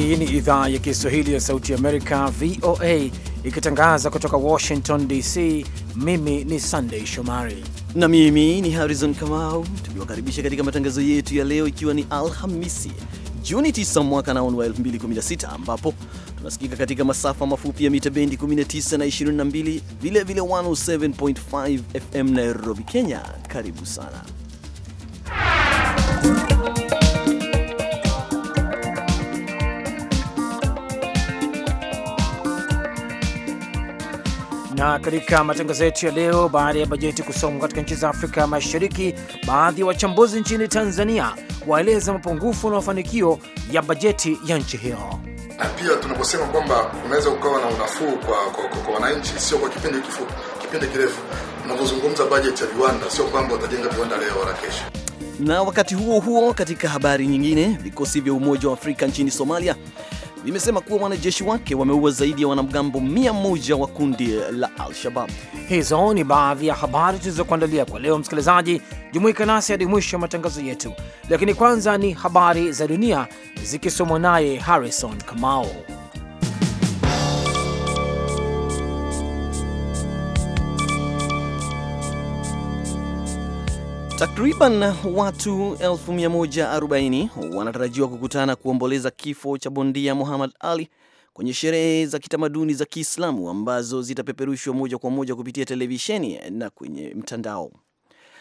Hii ni idhaa ya Kiswahili ya Sauti Amerika, VOA, ikitangaza kutoka Washington DC. Mimi ni Sandei Shomari na mimi ni Harrison Kamau, tukiwakaribisha katika matangazo yetu ya leo, ikiwa ni Alhamisi Juni 9 mwaka naon wa 2016 ambapo tunasikika katika masafa mafupi ya mita bendi 19 na 22, vilevile 107.5 FM Nairobi, Kenya. Karibu sana Na katika matangazo yetu ya leo, baada ya bajeti kusomwa katika nchi za Afrika Mashariki, baadhi ya wa wachambuzi nchini Tanzania waeleza mapungufu na mafanikio ya bajeti ya nchi hiyo na pia tunaposema kwamba unaweza ukawa na unafuu kwa, kwa, kwa, kwa wananchi, sio kwa kipindi kifupi, kipindi kirefu. Unavyozungumza bajeti ya viwanda, sio kwamba utajenga viwanda leo wala kesho. Na wakati huo huo, katika habari nyingine, vikosi vya Umoja wa Afrika nchini Somalia vimesema kuwa wanajeshi wake wameua zaidi ya wanamgambo mia moja wa kundi la Al-Shabab. Hizo ni baadhi ya habari tulizokuandalia kwa leo. Msikilizaji, jumuika nasi hadi mwisho ya matangazo yetu, lakini kwanza ni habari za dunia zikisomwa naye Harrison Kamao. Takriban watu 140 wanatarajiwa kukutana kuomboleza kifo cha bondia Muhammad Ali kwenye sherehe za kitamaduni za Kiislamu ambazo zitapeperushwa moja kwa moja kupitia televisheni na kwenye mtandao.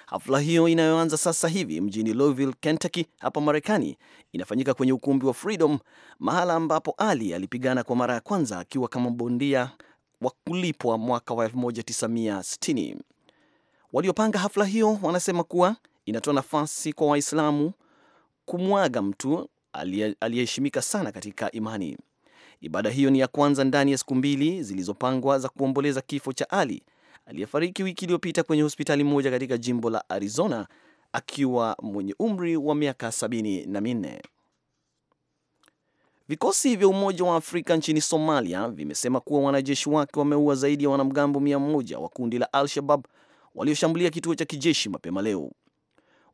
Hafla hiyo inayoanza sasa hivi mjini Louisville, Kentucky hapa Marekani inafanyika kwenye ukumbi wa Freedom, mahala ambapo Ali alipigana kwa mara ya kwanza akiwa kama bondia wa kulipwa mwaka wa 1960. Waliopanga hafla hiyo wanasema kuwa inatoa nafasi kwa Waislamu kumwaga mtu aliyeheshimika sana katika imani. Ibada hiyo ni ya kwanza ndani ya siku mbili zilizopangwa za kuomboleza kifo cha Ali aliyefariki wiki iliyopita kwenye hospitali moja katika jimbo la Arizona akiwa mwenye umri wa miaka sabini na minne. Vikosi vya Umoja wa Afrika nchini Somalia vimesema kuwa wanajeshi wake wameua zaidi ya wanamgambo mia moja wa kundi la Al-Shabab walioshambulia kituo cha kijeshi mapema leo.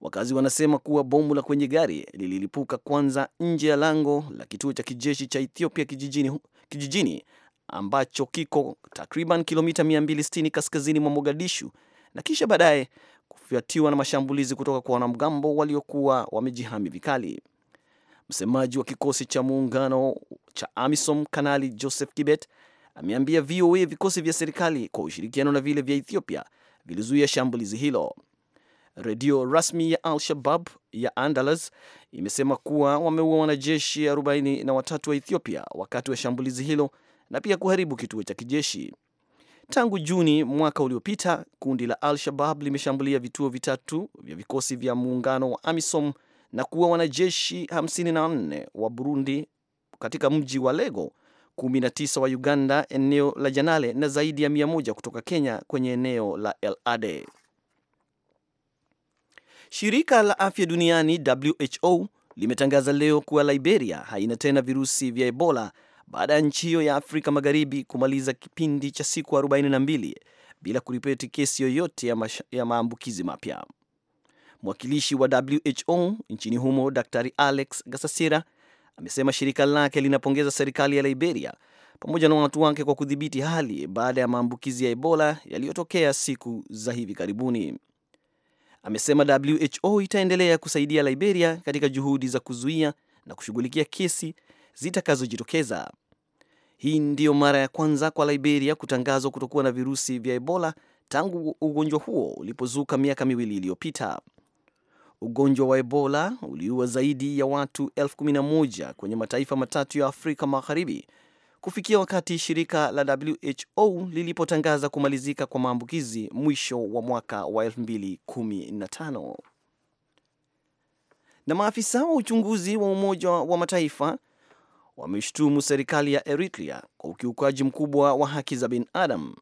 Wakazi wanasema kuwa bomu la kwenye gari lililipuka kwanza nje ya lango la kituo cha kijeshi cha Ethiopia kijijini, kijijini ambacho kiko takriban kilomita 260 kaskazini mwa Mogadishu na kisha baadaye kufuatiwa na mashambulizi kutoka kwa wanamgambo waliokuwa wamejihami vikali. Msemaji wa kikosi cha muungano cha AMISOM Kanali Joseph Kibet ameambia VOA vikosi vya serikali kwa ushirikiano na vile vya Ethiopia vilizuia shambulizi hilo. Redio rasmi ya Al-Shabab ya Andalus imesema kuwa wameua wanajeshi 43 wa Ethiopia wakati wa shambulizi hilo na pia kuharibu kituo cha kijeshi. Tangu Juni mwaka uliopita, kundi la Al-Shabab limeshambulia vituo vitatu vya vikosi vya muungano wa AMISOM na kuua wanajeshi 54 wa Burundi katika mji wa Lego 19 wa Uganda eneo la Janale na zaidi ya 100 kutoka Kenya kwenye eneo la El Ade. Shirika la Afya Duniani WHO limetangaza leo kuwa Liberia haina tena virusi vya Ebola baada ya nchi hiyo ya Afrika Magharibi kumaliza kipindi cha siku 42 bila kuripoti kesi yoyote ya, ya maambukizi mapya. Mwakilishi wa WHO nchini humo Daktari Alex Gasasira amesema shirika lake linapongeza serikali ya Liberia pamoja na watu wake kwa kudhibiti hali baada ya maambukizi ya Ebola yaliyotokea siku za hivi karibuni. Amesema WHO itaendelea kusaidia Liberia katika juhudi za kuzuia na kushughulikia kesi zitakazojitokeza. Hii ndiyo mara ya kwanza kwa Liberia kutangazwa kutokuwa na virusi vya Ebola tangu ugonjwa huo ulipozuka miaka miwili iliyopita ugonjwa wa Ebola uliua zaidi ya watu elfu kumi na moja kwenye mataifa matatu ya Afrika Magharibi kufikia wakati shirika la WHO lilipotangaza kumalizika kwa maambukizi mwisho wa mwaka wa 2015. Na maafisa wa uchunguzi wa Umoja wa Mataifa wameshutumu serikali ya Eritrea kwa ukiukaji mkubwa wa haki za binadamu.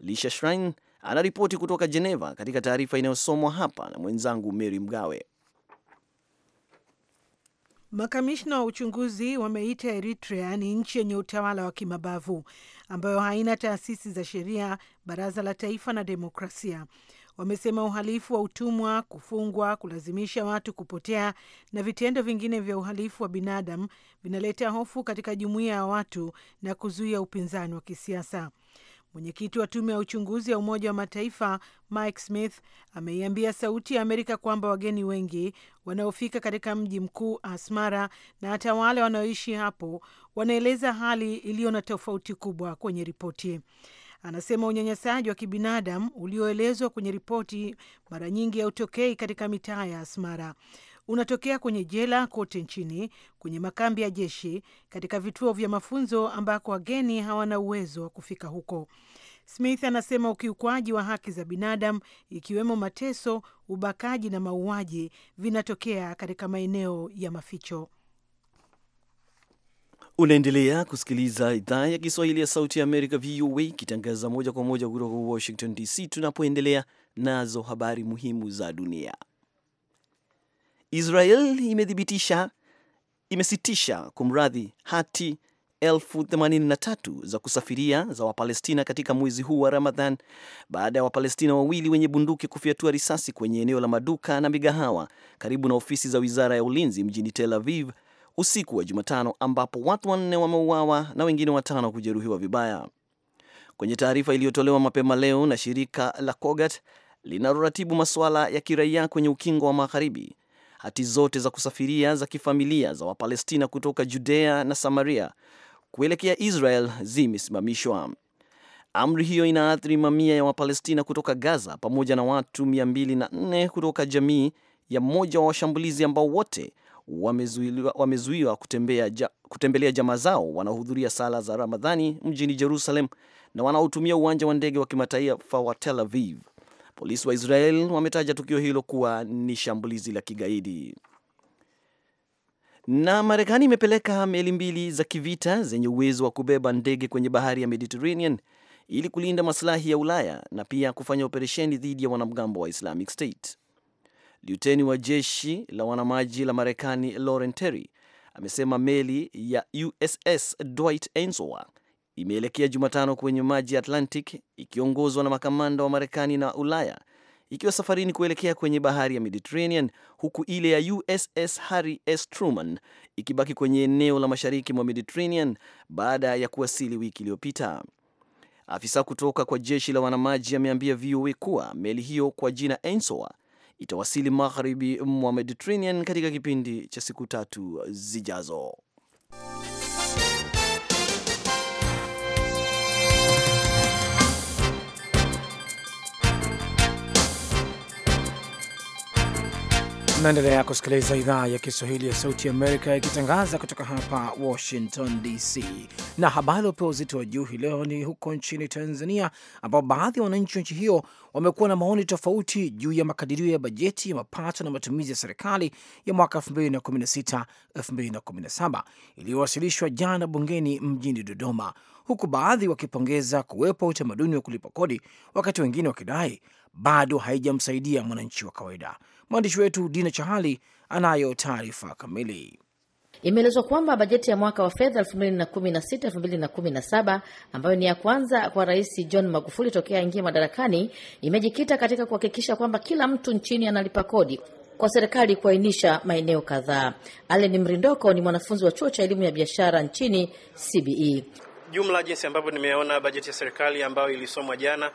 Lisha Schrein anaripoti kutoka Geneva katika taarifa inayosomwa hapa na mwenzangu Mary Mgawe. Makamishna wa uchunguzi wameita Eritrea ni nchi yenye utawala wa kimabavu ambayo haina taasisi za sheria, baraza la taifa na demokrasia. Wamesema uhalifu wa utumwa, kufungwa, kulazimisha watu kupotea na vitendo vingine vya uhalifu wa binadamu vinaleta hofu katika jumuiya ya watu na kuzuia upinzani wa kisiasa. Mwenyekiti wa tume ya uchunguzi ya Umoja wa Mataifa Mike Smith ameiambia Sauti ya Amerika kwamba wageni wengi wanaofika katika mji mkuu Asmara na hata wale wanaoishi hapo wanaeleza hali iliyo na tofauti kubwa kwenye ripoti. Anasema unyanyasaji wa kibinadamu ulioelezwa kwenye ripoti mara nyingi hautokei katika mitaa ya Asmara unatokea kwenye jela kote nchini, kwenye makambi ya jeshi, katika vituo vya mafunzo ambako wageni hawana uwezo wa kufika huko. Smith anasema ukiukwaji wa haki za binadamu ikiwemo mateso, ubakaji na mauaji vinatokea katika maeneo ya maficho. Unaendelea kusikiliza idhaa ya Kiswahili ya Sauti ya Amerika, VOA, ikitangaza moja kwa moja kutoka Washington DC, tunapoendelea nazo habari muhimu za dunia. Israel imedhibitisha imesitisha kumradhi hati elfu themanini na tatu za kusafiria za Wapalestina katika mwezi huu wa Ramadhan baada ya Wapalestina wawili wenye bunduki kufyatua risasi kwenye eneo la maduka na migahawa karibu na ofisi za wizara ya ulinzi mjini Tel Aviv usiku wa Jumatano, ambapo watu wanne wameuawa na wengine watano kujeruhiwa vibaya. Kwenye taarifa iliyotolewa mapema leo na shirika la COGAT linaloratibu masuala ya kiraia kwenye ukingo wa Magharibi, hati zote za kusafiria za kifamilia za Wapalestina kutoka Judea na Samaria kuelekea Israel zimesimamishwa. Amri hiyo inaathiri mamia ya Wapalestina kutoka Gaza pamoja na watu 204 kutoka jamii ya mmoja wa washambulizi ambao wote wamezuiwa, kutembea, ja, kutembelea jamaa zao wanaohudhuria sala za Ramadhani mjini Jerusalem na wanaotumia uwanja wa ndege wa kimataifa wa Tel Aviv. Polisi wa Israel wametaja tukio hilo kuwa ni shambulizi la kigaidi. Na Marekani imepeleka meli mbili za kivita zenye uwezo wa kubeba ndege kwenye bahari ya Mediterranean ili kulinda masilahi ya Ulaya na pia kufanya operesheni dhidi ya wanamgambo wa Islamic State. liuteni wa jeshi la wanamaji la Marekani Lauren Terry amesema meli ya USS Dwight Eisenhower imeelekea Jumatano kwenye maji ya Atlantic ikiongozwa na makamanda wa Marekani na Ulaya ikiwa safarini kuelekea kwenye bahari ya Mediterranean huku ile ya USS Harry S Truman ikibaki kwenye eneo la mashariki mwa Mediterranean baada ya kuwasili wiki iliyopita. Afisa kutoka kwa jeshi la wanamaji ameambia VOA kuwa meli hiyo kwa jina ensoa itawasili magharibi mwa Mediterranean katika kipindi cha siku tatu zijazo. Naendelea kusikiliza idhaa ya Kiswahili ya Sauti Amerika ikitangaza kutoka hapa Washington DC. Na habari iliyopewa uzito wa juu hii leo ni huko nchini Tanzania, ambapo baadhi ya wananchi wa nchi hiyo wamekuwa na maoni tofauti juu ya makadirio ya bajeti ya mapato na matumizi ya serikali ya mwaka 2016 2017 iliyowasilishwa jana bungeni mjini Dodoma, huku baadhi wakipongeza kuwepo utamaduni wa kulipa kodi, wakati wengine wakidai bado haijamsaidia mwananchi wa kawaida. Mwandishi wetu Dina Chahali anayo taarifa kamili. Imeelezwa kwamba bajeti ya mwaka wa fedha 2016 2017 ambayo ni ya kwanza kwa Rais John Magufuli tokea aingie madarakani imejikita katika kuhakikisha kwamba kila mtu nchini analipa kodi kwa serikali kuainisha maeneo kadhaa. Allen Mrindoko ni mwanafunzi wa chuo cha elimu ya biashara nchini CBE. Jumla jinsi ambavyo nimeona bajeti ya serikali ambayo ilisomwa jana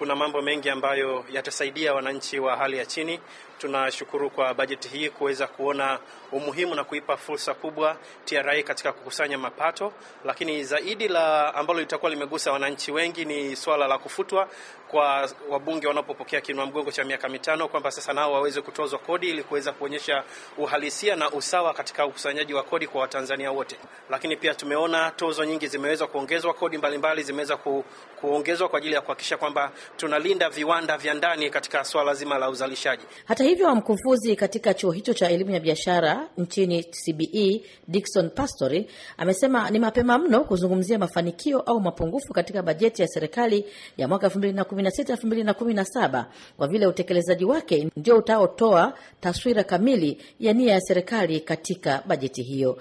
kuna mambo mengi ambayo yatasaidia wananchi wa hali ya chini Tunashukuru kwa bajeti hii kuweza kuona umuhimu na kuipa fursa kubwa TRA katika kukusanya mapato, lakini zaidi la ambalo litakuwa limegusa wananchi wengi ni swala la kufutwa kwa wabunge wanapopokea kinua mgongo cha miaka mitano, kwamba sasa nao waweze kutozwa kodi ili kuweza kuonyesha uhalisia na usawa katika ukusanyaji wa kodi kwa Watanzania wote. Lakini pia tumeona tozo nyingi zimeweza kuongezwa, kodi mbalimbali zimeweza ku, kuongezwa kwa ajili ya kuhakikisha kwamba tunalinda viwanda vya ndani katika swala zima la uzalishaji Hata hivyo mkufuzi katika chuo hicho cha elimu ya biashara nchini CBE dikson pastory amesema ni mapema mno kuzungumzia mafanikio au mapungufu katika bajeti ya serikali ya mwaka 2016 kwa vile utekelezaji wake ndio utaotoa taswira kamili ya nia ya serikali katika bajeti hiyo.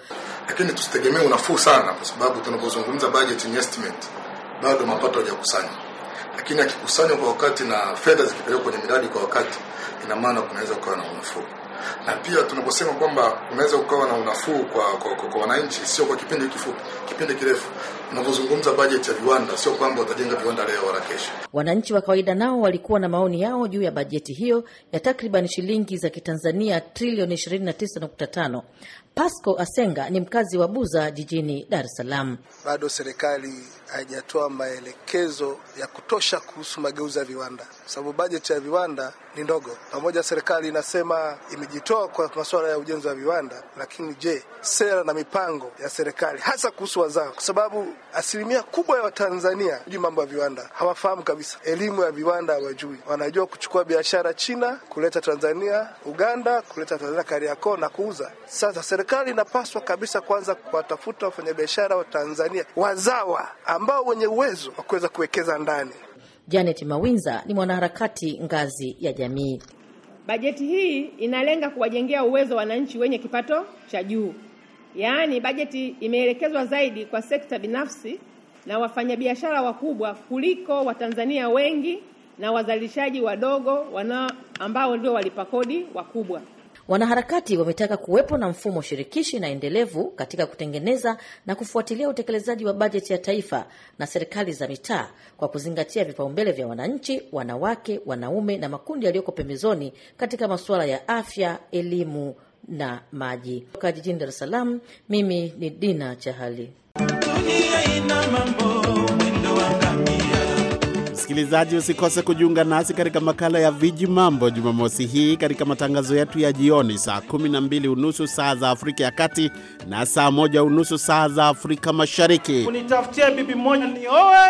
Lakini tusitegemee unafuu sana, kwa sababu tunapozungumza bajeti estimate, bado mapato hajakusanya lakini akikusanywa kwa wakati na fedha zikipelekwa kwenye miradi kwa wakati, ina maana kunaweza kukawa na unafuu. Na pia tunaposema kwamba unaweza kukawa na unafuu kwa, kwa, kwa, kwa wananchi, sio kwa kipindi kifupi, kipindi kirefu, Unapozungumza bajeti ya viwanda, sio kwamba utajenga viwanda leo wala kesho. Wananchi wa kawaida nao walikuwa na maoni yao juu ya bajeti hiyo ya takriban shilingi za kitanzania trilioni 29.5. Pasco Asenga ni mkazi wa Buza jijini Dar es Salaam. Bado serikali haijatoa maelekezo ya kutosha kuhusu mageuzi ya viwanda, kwa sababu bajeti ya viwanda ni ndogo. Pamoja serikali inasema imejitoa kwa masuala ya ujenzi wa viwanda, lakini je, sera na mipango ya serikali hasa kuhusu wazao, kwa sababu Asilimia kubwa ya Watanzania hawajui mambo ya viwanda, hawafahamu kabisa elimu ya viwanda, hawajui. Wanajua kuchukua biashara China, kuleta Tanzania, Uganda, kuleta Tanzania Kariakoo na kuuza. Sasa serikali inapaswa kabisa kwanza kuwatafuta wafanyabiashara wa Tanzania wazawa, ambao wenye uwezo wa kuweza kuwekeza ndani. Janet Mawinza ni mwanaharakati ngazi ya jamii. Bajeti hii inalenga kuwajengea uwezo wananchi wenye kipato cha juu Yaani bajeti imeelekezwa zaidi kwa sekta binafsi na wafanyabiashara wakubwa kuliko Watanzania wengi na wazalishaji wadogo wana ambao ndio walipa kodi wakubwa. Wanaharakati wametaka kuwepo na mfumo shirikishi na endelevu katika kutengeneza na kufuatilia utekelezaji wa bajeti ya taifa na serikali za mitaa kwa kuzingatia vipaumbele vya wananchi, wanawake, wanaume na makundi yaliyoko pembezoni katika masuala ya afya, elimu na maji. Kutoka jijini Dar es Salaam, mimi ni Dina Chahali. Msikilizaji, usikose kujiunga nasi katika makala ya Viji Mambo Jumamosi hii katika matangazo yetu ya jioni saa 12 unusu saa za Afrika ya Kati na saa 1 unusu saa za Afrika Mashariki. Unitafutie bibi moja nioe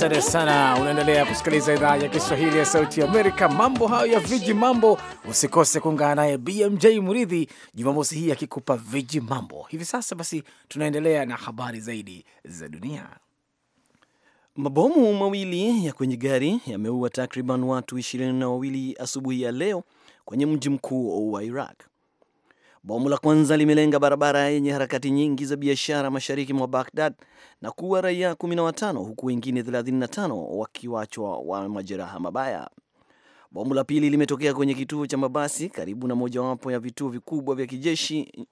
Asante sana. Unaendelea kusikiliza idhaa ya Kiswahili ya Sauti ya Amerika. Mambo hayo ya viji mambo, usikose kuungana naye BMJ Muridhi Jumamosi hii akikupa viji mambo. Hivi sasa basi, tunaendelea na habari zaidi za dunia. Mabomu mawili ya kwenye gari yameua takriban watu ishirini na wawili asubuhi ya leo kwenye mji mkuu wa Iraq. Bomu la kwanza limelenga barabara yenye harakati nyingi za biashara mashariki mwa Baghdad na kuua raia 15 huku wengine 35 wakiwachwa wa majeraha mabaya. Bomu la pili limetokea kwenye kituo cha mabasi karibu na mojawapo ya vituo vikubwa vya kijeshi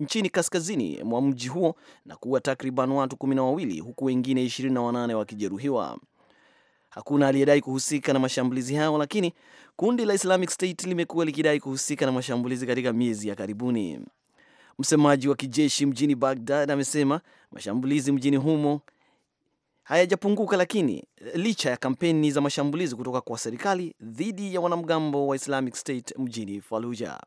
nchini kaskazini mwa mji huo na kuua takriban watu kumi na wawili huku wengine 28 wakijeruhiwa. Hakuna aliyedai kuhusika na mashambulizi hayo, lakini kundi la Islamic State limekuwa likidai kuhusika na mashambulizi katika miezi ya karibuni. Msemaji wa kijeshi mjini bagdad amesema mashambulizi mjini humo hayajapunguka, lakini licha ya kampeni za mashambulizi kutoka kwa serikali dhidi ya wanamgambo wa Islamic State mjini faluja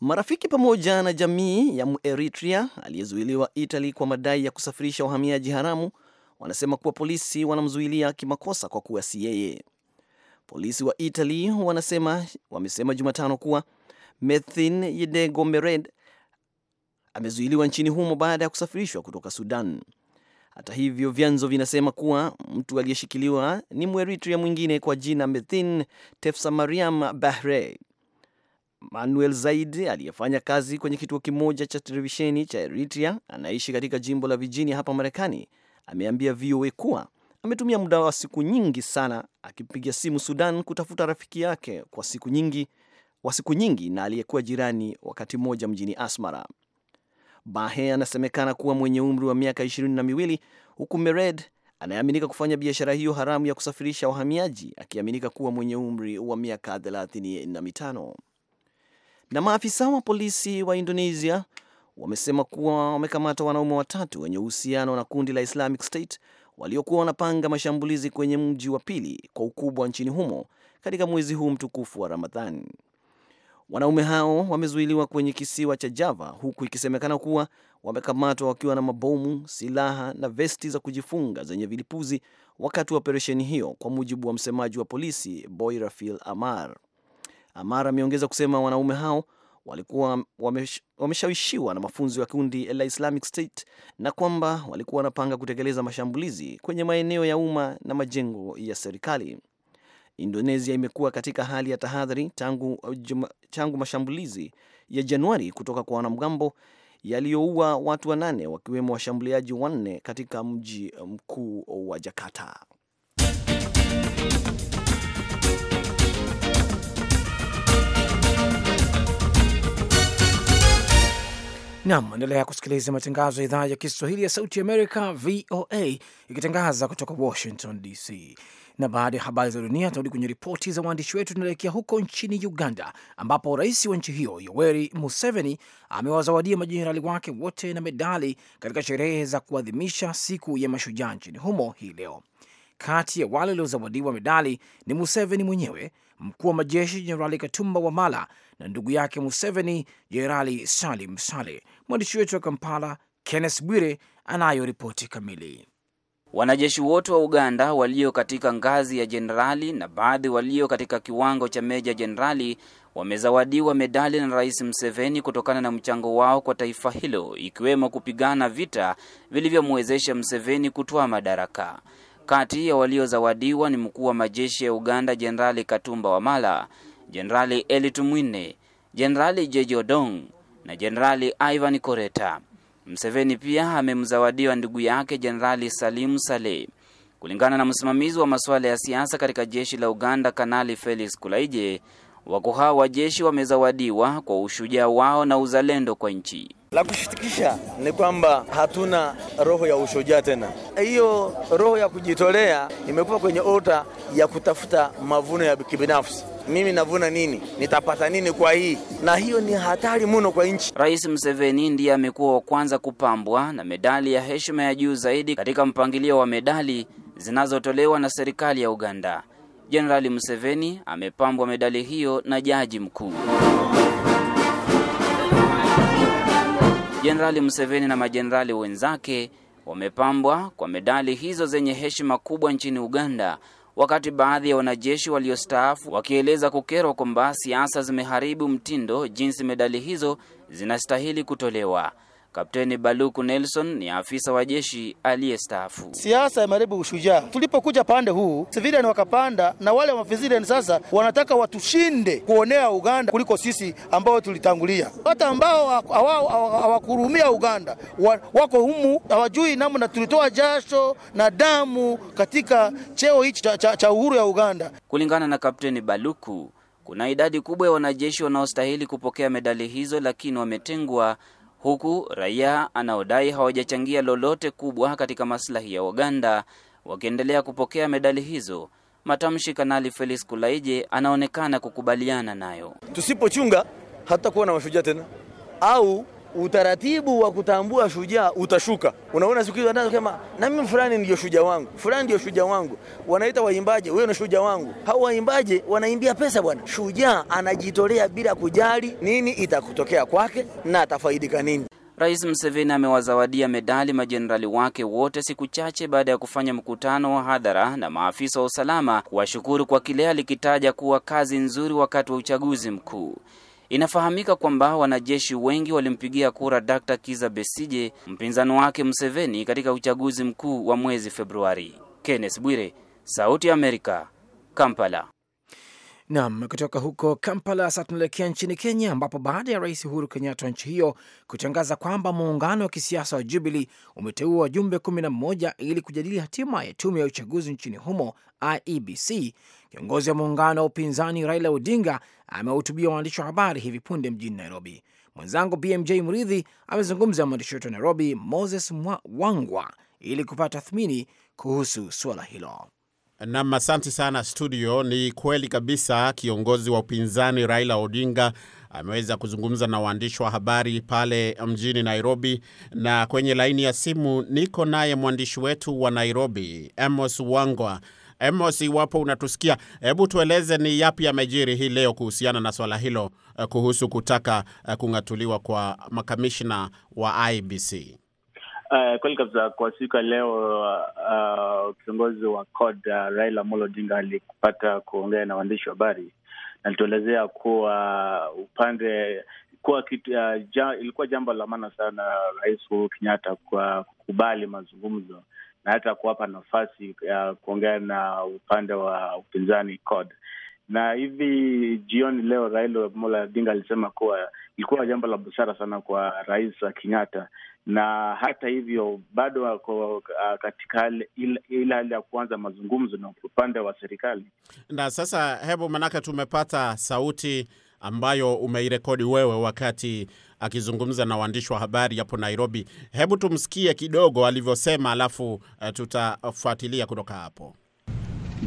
Marafiki pamoja na jamii ya eritria aliyezuiliwa Italy kwa madai ya kusafirisha wahamiaji haramu wanasema kuwa polisi wanamzuilia kimakosa kwa kuwa si yeye. Polisi wa Italy wanasema wamesema Jumatano kuwa Methin Yedegomered amezuiliwa nchini humo baada ya kusafirishwa kutoka Sudan. Hata hivyo, vyanzo vinasema kuwa mtu aliyeshikiliwa ni Mweritria mwingine kwa jina Methin Tefsa Mariam Bahre Manuel Zaid aliyefanya kazi kwenye kituo kimoja cha televisheni cha Eritrea anaishi katika jimbo la Virginia hapa Marekani ameambia VOA kuwa ametumia muda wa siku nyingi sana akipiga simu Sudan kutafuta rafiki yake kwa siku nyingi, wa siku nyingi na aliyekuwa jirani wakati mmoja mjini Asmara. Bahe anasemekana kuwa mwenye umri wa miaka ishirini na miwili huku Mered anayeaminika kufanya biashara hiyo haramu ya kusafirisha wahamiaji akiaminika kuwa mwenye umri wa miaka thelathini na mitano. Na maafisa wa polisi wa Indonesia wamesema kuwa wamekamata wanaume watatu wenye uhusiano na kundi la Islamic State waliokuwa wanapanga mashambulizi kwenye mji wa pili kwa ukubwa nchini humo katika mwezi huu mtukufu wa Ramadhan. Wanaume hao wamezuiliwa kwenye kisiwa cha Java huku ikisemekana kuwa wamekamatwa wakiwa na mabomu, silaha na vesti za kujifunga zenye vilipuzi wakati wa operesheni hiyo, kwa mujibu wa msemaji wa polisi Boy Rafil Amar. Amar ameongeza kusema wanaume hao walikuwa wameshawishiwa na mafunzo ya kundi la Islamic State na kwamba walikuwa wanapanga kutekeleza mashambulizi kwenye maeneo ya umma na majengo ya serikali. Indonesia imekuwa katika hali ya tahadhari tangu, tangu mashambulizi ya Januari kutoka kwa wanamgambo yaliyoua watu wanane wakiwemo washambuliaji wanne katika mji mkuu wa Jakarta. Nam, endelea kusikiliza matangazo ya idhaa ya Kiswahili ya Sauti Amerika, VOA, ikitangaza kutoka Washington DC. Na baada ya habari za dunia, tunarudi kwenye ripoti za waandishi wetu. Tunaelekea huko nchini Uganda, ambapo rais wa nchi hiyo Yoweri Museveni amewazawadia majenerali wake wote na medali katika sherehe za kuadhimisha siku ya mashujaa nchini humo hii leo. Kati ya wale waliozawadiwa medali ni Museveni mwenyewe, mkuu wa majeshi Jenerali Katumba wa mala na ndugu yake Museveni, Jenerali Salim sale Mwandishi wetu wa Kampala, Kenneth Bwire, anayo ripoti kamili. Wanajeshi wote wa Uganda walio katika ngazi ya jenerali na baadhi walio katika kiwango cha meja jenerali wamezawadiwa medali na Rais Mseveni kutokana na mchango wao kwa taifa hilo, ikiwemo kupigana vita vilivyomwezesha Mseveni kutoa madaraka. Kati ya waliozawadiwa ni mkuu wa majeshi ya Uganda Jenerali Katumba Wamala, Jenerali elitumwine Jenerali Jeje Odong na Jenerali Ivan Koreta. Mseveni pia amemzawadiwa ndugu yake Jenerali Salimu Saleh. Kulingana na msimamizi wa masuala ya siasa katika jeshi la Uganda, Kanali Felix Kulaije, Wakuu hao wa jeshi wamezawadiwa kwa ushujaa wao na uzalendo kwa nchi. La kushitikisha ni kwamba hatuna roho ya ushujaa tena. Hiyo roho ya kujitolea imekuwa kwenye ota ya kutafuta mavuno ya kibinafsi. Mimi navuna nini? Nitapata nini kwa hii? Na hiyo ni hatari mno kwa nchi. Rais Museveni ndiye amekuwa wa kwanza kupambwa na medali ya heshima ya juu zaidi katika mpangilio wa medali zinazotolewa na serikali ya Uganda. Jenerali Museveni amepambwa medali hiyo na jaji mkuu. Jenerali Museveni na majenerali wenzake wamepambwa kwa medali hizo zenye heshima kubwa nchini Uganda, wakati baadhi ya wanajeshi waliostaafu wakieleza kukerwa kwamba siasa zimeharibu mtindo jinsi medali hizo zinastahili kutolewa. Kapteni Baluku Nelson ni afisa wa jeshi aliyestaafu. Siasa imeharibu ushujaa. Tulipokuja pande huu civilian wakapanda, na wale mafisilian sasa wanataka watushinde kuonea Uganda kuliko sisi ambao tulitangulia. Hata ambao hawakuhurumia Uganda wako humu, hawajui namna tulitoa jasho na damu katika cheo hichi cha, cha, cha uhuru ya Uganda. Kulingana na Kapteni Baluku, kuna idadi kubwa ya wanajeshi wanaostahili kupokea medali hizo, lakini wametengwa huku raia anaodai hawajachangia lolote kubwa katika maslahi ya Uganda wakiendelea kupokea medali hizo. Matamshi Kanali Felix Kulaije anaonekana kukubaliana nayo. Tusipochunga hatutakuwa na mashujaa tena au utaratibu wa kutambua shujaa utashuka. Unaona siku hizo anasema na mimi fulani ndio shujaa wangu, fulani ndio shujaa wangu. Wanaita waimbaje, wewe ni shujaa wangu. Hao waimbaje wanaimbia pesa bwana. Shujaa anajitolea bila kujali nini itakutokea kwake na atafaidika nini. Rais Museveni amewazawadia medali majenerali wake wote siku chache baada ya kufanya mkutano wa hadhara na maafisa wa usalama kuwashukuru kwa kile alikitaja kuwa kazi nzuri wakati wa uchaguzi mkuu. Inafahamika kwamba wanajeshi wengi walimpigia kura Dr. Kiza Besije, mpinzani wake Mseveni, katika uchaguzi mkuu wa mwezi Februari. Kenneth Bwire, Sauti ya Amerika, Kampala. Nam, kutoka huko Kampala sasa tunaelekea nchini Kenya, ambapo baada ya Rais Uhuru Kenyatta wa nchi hiyo kutangaza kwamba muungano wa kisiasa wa Jubilee umeteua wajumbe 11 ili kujadili hatima ya tume ya uchaguzi nchini humo IEBC, kiongozi wa muungano wa upinzani Raila Odinga amewahutubia waandishi wa habari hivi punde mjini Nairobi. Mwenzangu BMJ Mridhi amezungumza na mwandishi wetu wa Nairobi Moses Wangwa ili kupata tathmini kuhusu suala hilo. Nam, asante sana studio. Ni kweli kabisa, kiongozi wa upinzani Raila Odinga ameweza kuzungumza na waandishi wa habari pale mjini Nairobi, na kwenye laini ya simu niko naye mwandishi wetu wa Nairobi, Amos Wangwa. Amos, iwapo unatusikia, hebu tueleze ni yapi yamejiri hii leo kuhusiana na swala hilo, eh, kuhusu kutaka eh, kung'atuliwa kwa makamishna wa IBC. Uh, kweli kabisa. Kwa siku ya leo uh, kiongozi wa CORD uh, Raila Amolo Odinga alikupata kuongea na waandishi wa habari, alituelezea kuwa upande kuwa kitu, uh, ja, ilikuwa jambo la maana sana Rais Uhuru Kenyatta kwa kukubali mazungumzo na hata kuwapa nafasi ya uh, kuongea na upande wa upinzani CORD na hivi jioni leo Raila Amolo Odinga alisema kuwa ilikuwa jambo la busara sana kwa Rais Kenyatta na hata hivyo bado wako uh, katika ile hali ya kuanza mazungumzo na upande wa serikali. Na sasa, hebu manake, tumepata sauti ambayo umeirekodi wewe wakati akizungumza na waandishi wa habari hapo Nairobi. Hebu tumsikie kidogo alivyosema, alafu uh, tutafuatilia kutoka hapo.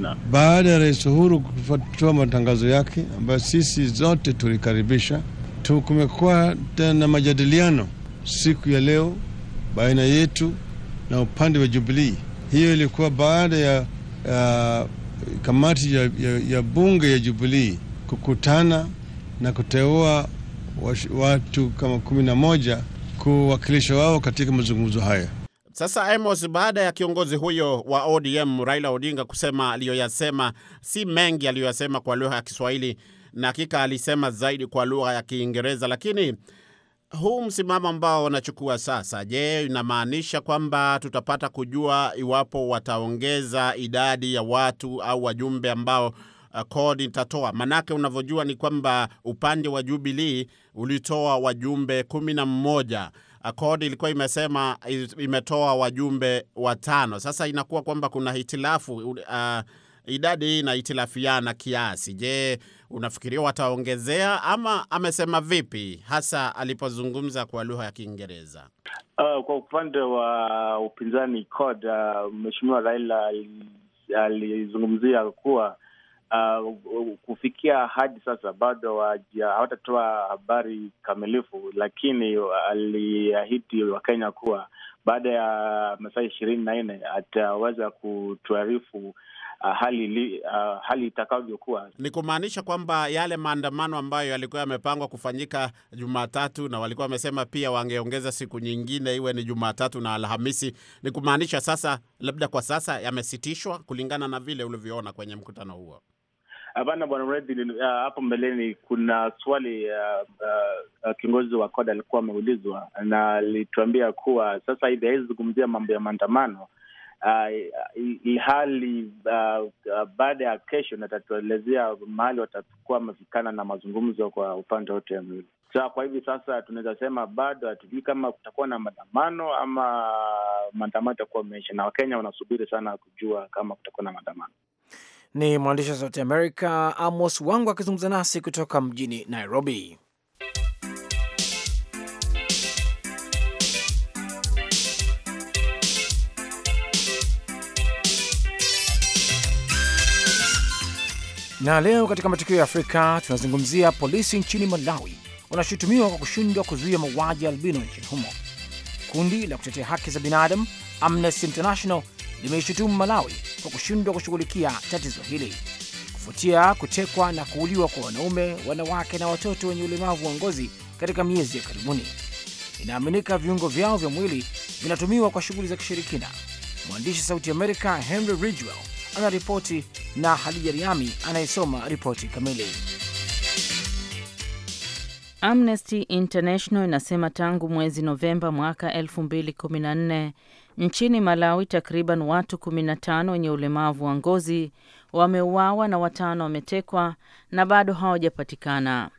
Na baada ya Rais Uhuru kutoa matangazo yake ambayo sisi zote tulikaribisha, kumekuwa na majadiliano siku ya leo baina yetu na upande wa Jubilii. Hiyo ilikuwa baada ya uh, kamati ya, ya, ya bunge ya Jubilii kukutana na kuteua watu kama kumi na moja kuwakilisha wao katika mazungumzo haya. Sasa Amos, baada ya kiongozi huyo wa ODM Raila Odinga kusema aliyoyasema, si mengi aliyoyasema kwa lugha ya Kiswahili, na hakika alisema zaidi kwa lugha ya Kiingereza, lakini huu msimamo ambao wanachukua sasa, je, inamaanisha kwamba tutapata kujua iwapo wataongeza idadi ya watu au wajumbe ambao uh, kodi itatoa? Manake unavyojua ni kwamba upande wa Jubilii ulitoa wajumbe kumi na mmoja uh, kodi ilikuwa imesema imetoa wajumbe watano. Sasa inakuwa kwamba kuna hitilafu uh, idadi hii inahitilafiana kiasi. Je, unafikiria wataongezea ama amesema vipi hasa alipozungumza kwa lugha ya Kiingereza? Uh, kwa upande wa upinzani CORD uh, Mheshimiwa Raila alizungumzia kuwa uh, kufikia hadi sasa bado hawatatoa habari kamilifu, lakini aliahidi Wakenya kuwa baada ya masaa ishirini na nne ataweza kutuarifu Uh, hali uh, hali itakavyokuwa. Ni kumaanisha kwamba yale maandamano ambayo yalikuwa yamepangwa kufanyika Jumatatu na walikuwa wamesema pia wangeongeza siku nyingine iwe ni Jumatatu na Alhamisi, ni kumaanisha sasa, labda kwa sasa yamesitishwa kulingana na vile ulivyoona kwenye mkutano huo? Hapana bwana Mredhi, uh, hapo mbeleni kuna swali uh, uh, uh kiongozi wa koda alikuwa ameulizwa na alituambia kuwa sasa hivi hawezi zungumzia mambo ya maandamano uh, hali uh, uh, baada ya kesho natatuelezea mahali watakuwa wamefikana na mazungumzo kwa upande wote mwili. Sa kwa hivi sasa tunaweza sema bado hatujui kama kutakuwa na maandamano ama maandamano itakuwa meisha, na Wakenya wanasubiri sana kujua kama kutakuwa na maandamano. Ni mwandishi wa Sauti Amerika Amos Wangu akizungumza nasi kutoka mjini Nairobi. Na leo katika matukio ya Afrika tunazungumzia polisi nchini Malawi wanashutumiwa kwa kushindwa kuzuia mauaji ya albino nchini humo. Kundi la kutetea haki za binadamu Amnesty International limeishutumu Malawi kwa kushindwa kushughulikia tatizo hili kufuatia kutekwa na kuuliwa kwa wanaume, wanawake na watoto wenye ulemavu wa ngozi katika miezi ya karibuni. Inaaminika viungo vyao vya mwili vinatumiwa kwa shughuli za kishirikina. Mwandishi Sauti Amerika Henry Ridgwell anaripoti na Hadija Riami anayesoma ripoti kamili. Amnesty International inasema tangu mwezi Novemba mwaka 2014 nchini Malawi takriban watu 15 wenye ulemavu wa ngozi wameuawa na watano wametekwa na bado hawajapatikana.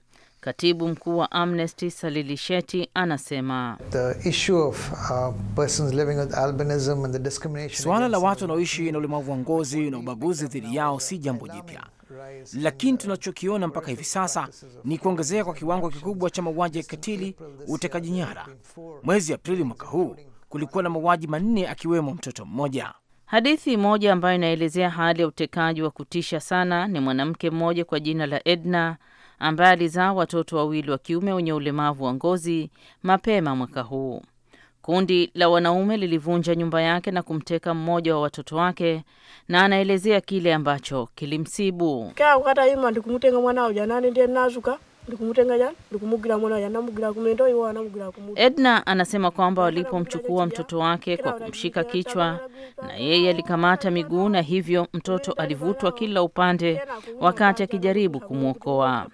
Katibu mkuu wa Amnesty Salili Sheti anasema uh, suala la watu wanaoishi na ulemavu wa ngozi na ubaguzi dhidi yao si jambo jipya, lakini tunachokiona mpaka hivi sasa ni kuongezeka kwa kiwango kikubwa cha mauaji ya kikatili, utekaji nyara. Mwezi Aprili mwaka huu kulikuwa na mauaji manne akiwemo mtoto mmoja. Hadithi moja ambayo inaelezea hali ya utekaji wa kutisha sana ni mwanamke mmoja kwa jina la Edna ambaye alizaa watoto wawili wa kiume wenye ulemavu wa ngozi mapema mwaka huu. Kundi la wanaume lilivunja nyumba yake na kumteka mmoja wa watoto wake, na anaelezea kile ambacho kilimsibu. Edna anasema kwamba walipomchukua mtoto wake kwa kumshika kichwa, na yeye alikamata miguu, na hivyo mtoto alivutwa kila upande wakati akijaribu kumwokoa.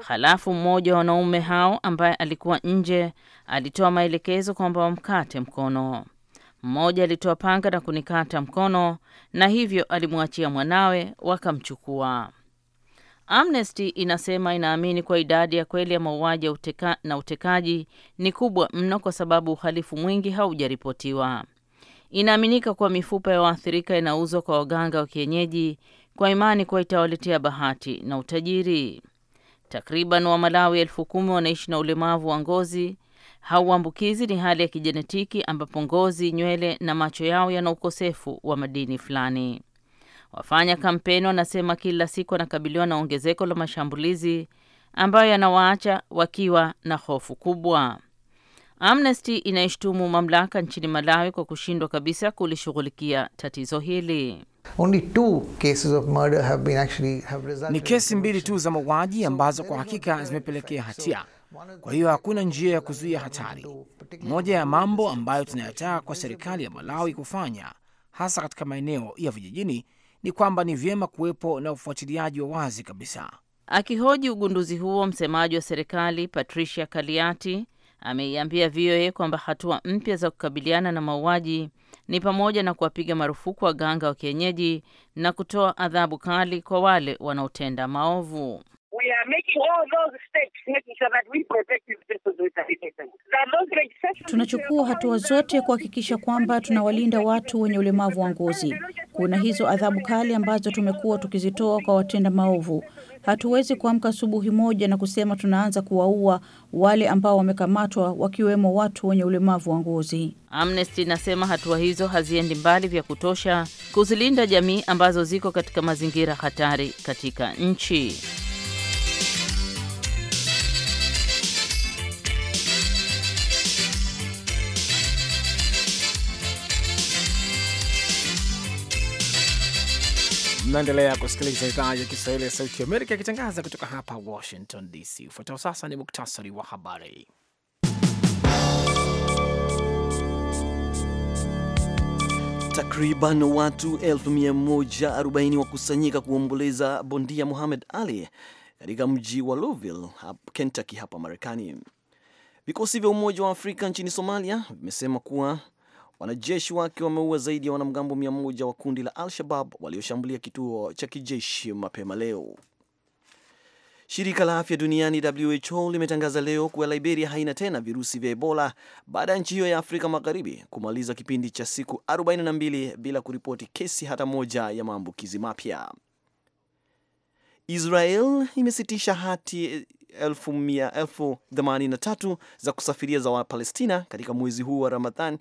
Halafu mmoja wa wanaume hao ambaye alikuwa nje alitoa maelekezo kwamba wamkate mkono. Mmoja alitoa panga na kunikata mkono, na hivyo alimwachia mwanawe, wakamchukua. Amnesty inasema inaamini kwa idadi ya kweli ya mauaji uteka na utekaji ni kubwa mno kwa sababu uhalifu mwingi haujaripotiwa. Inaaminika kuwa mifupa ya waathirika inauzwa kwa waganga wa kienyeji kwa imani kuwa itawaletea bahati na utajiri. Takriban Wamalawi elfu kumi wanaishi na ulemavu wa ngozi hauambukizi. Ni hali ya kijenetiki ambapo ngozi, nywele na macho yao yana ukosefu wa madini fulani. Wafanya kampeni wanasema kila siku wanakabiliwa na ongezeko la mashambulizi ambayo yanawaacha wakiwa na hofu kubwa. Amnesty inaishtumu mamlaka nchini Malawi kwa kushindwa kabisa kulishughulikia tatizo hili. Only two cases of murder have been actually have resulted. Ni kesi mbili tu za mauaji ambazo kwa hakika zimepelekea hatia. Kwa hiyo hakuna njia ya kuzuia hatari. Moja ya mambo ambayo tunayataka kwa serikali ya Malawi kufanya hasa katika maeneo ya vijijini ni kwamba ni vyema kuwepo na ufuatiliaji wa wazi kabisa. Akihoji ugunduzi huo, msemaji wa serikali Patricia Kaliati ameiambia VOA kwamba hatua mpya za kukabiliana na mauaji ni pamoja na kuwapiga marufuku waganga wa kienyeji na kutoa adhabu kali kwa wale wanaotenda maovu we are making all those steps making sure that we protect these with Tunachukua hatua zote kuhakikisha kwamba tunawalinda watu wenye ulemavu wa ngozi. Kuna hizo adhabu kali ambazo tumekuwa tukizitoa kwa watenda maovu. Hatuwezi kuamka asubuhi moja na kusema tunaanza kuwaua wale ambao wamekamatwa, wakiwemo watu wenye ulemavu wa ngozi. Amnesty inasema hatua hizo haziendi mbali vya kutosha kuzilinda jamii ambazo ziko katika mazingira hatari katika nchi. Mnaendelea kusikiliza idhaa ya Kiswahili ya Sauti Amerika ikitangaza kutoka hapa Washington DC. Ufuatao sasa ni muktasari wa habari. Takriban watu 140 wakusanyika kuomboleza bondia Muhammad Ali katika mji wa Louisville, Kentucky hapa Marekani. Vikosi vya Umoja wa Afrika nchini Somalia vimesema kuwa Wanajeshi wake wameua zaidi ya wanamgambo mia moja wa kundi la Al-Shabab walioshambulia kituo cha kijeshi mapema leo. Shirika la afya duniani WHO limetangaza leo kuwa Liberia haina tena virusi vya Ebola baada ya nchi hiyo ya Afrika Magharibi kumaliza kipindi cha siku 42 bila kuripoti kesi hata moja ya maambukizi mapya. Israel imesitisha hati elfu themanini na tatu za kusafiria za Wapalestina katika mwezi huu wa Ramadhani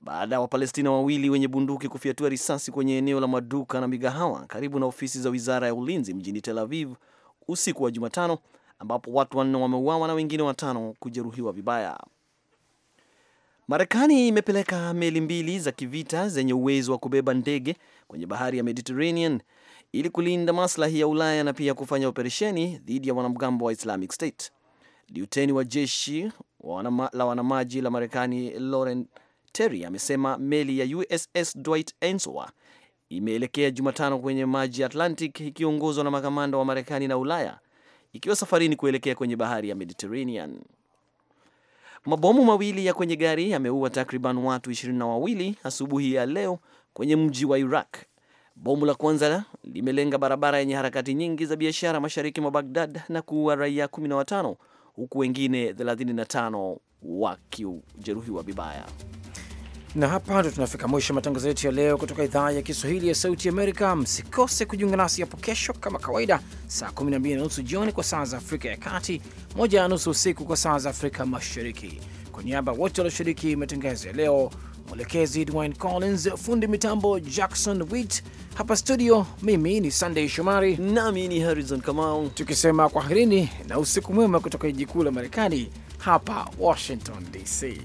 baada ya Wapalestina wawili wenye bunduki kufyatua risasi kwenye eneo la maduka na migahawa karibu na ofisi za wizara ya ulinzi mjini Tel Aviv usiku wa Jumatano, ambapo watu wanne wameuawa na wengine watano kujeruhiwa vibaya. Marekani imepeleka meli mbili za kivita zenye uwezo wa kubeba ndege kwenye bahari ya Mediterranean ili kulinda maslahi ya Ulaya na pia kufanya operesheni dhidi ya wanamgambo wa Islamic State. Liuteni wa jeshi la wanamaji la Marekani Lauren Terry amesema meli ya USS Dwight Eisenhower imeelekea Jumatano kwenye maji ya Atlantic ikiongozwa na makamanda wa Marekani na Ulaya ikiwa safarini kuelekea kwenye bahari ya Mediterranean. Mabomu mawili ya kwenye gari yameua takriban watu ishirini na wawili asubuhi ya leo kwenye mji wa Iraq Bomu la kwanza limelenga barabara yenye harakati nyingi za biashara mashariki mwa Bagdad na kuua raia 15 huku wengine 35 wakijeruhiwa vibaya. Na hapa ndo tunafika mwisho matangazo yetu ya leo kutoka idhaa ya Kiswahili ya Sauti Amerika. Msikose kujiunga nasi hapo kesho kama kawaida, saa 12 na nusu jioni kwa saa za Afrika ya Kati, moja na nusu usiku kwa saa za Afrika Mashariki. Kwa niaba ya wote walioshiriki matangazo ya leo, mwelekezi Dwayne Collins, fundi mitambo Jackson Wit hapa studio mimi ni Sunday Shomari, nami ni Harrison Kamau, tukisema kwaherini na usiku mwema kutoka jiji kuu la Marekani hapa Washington DC.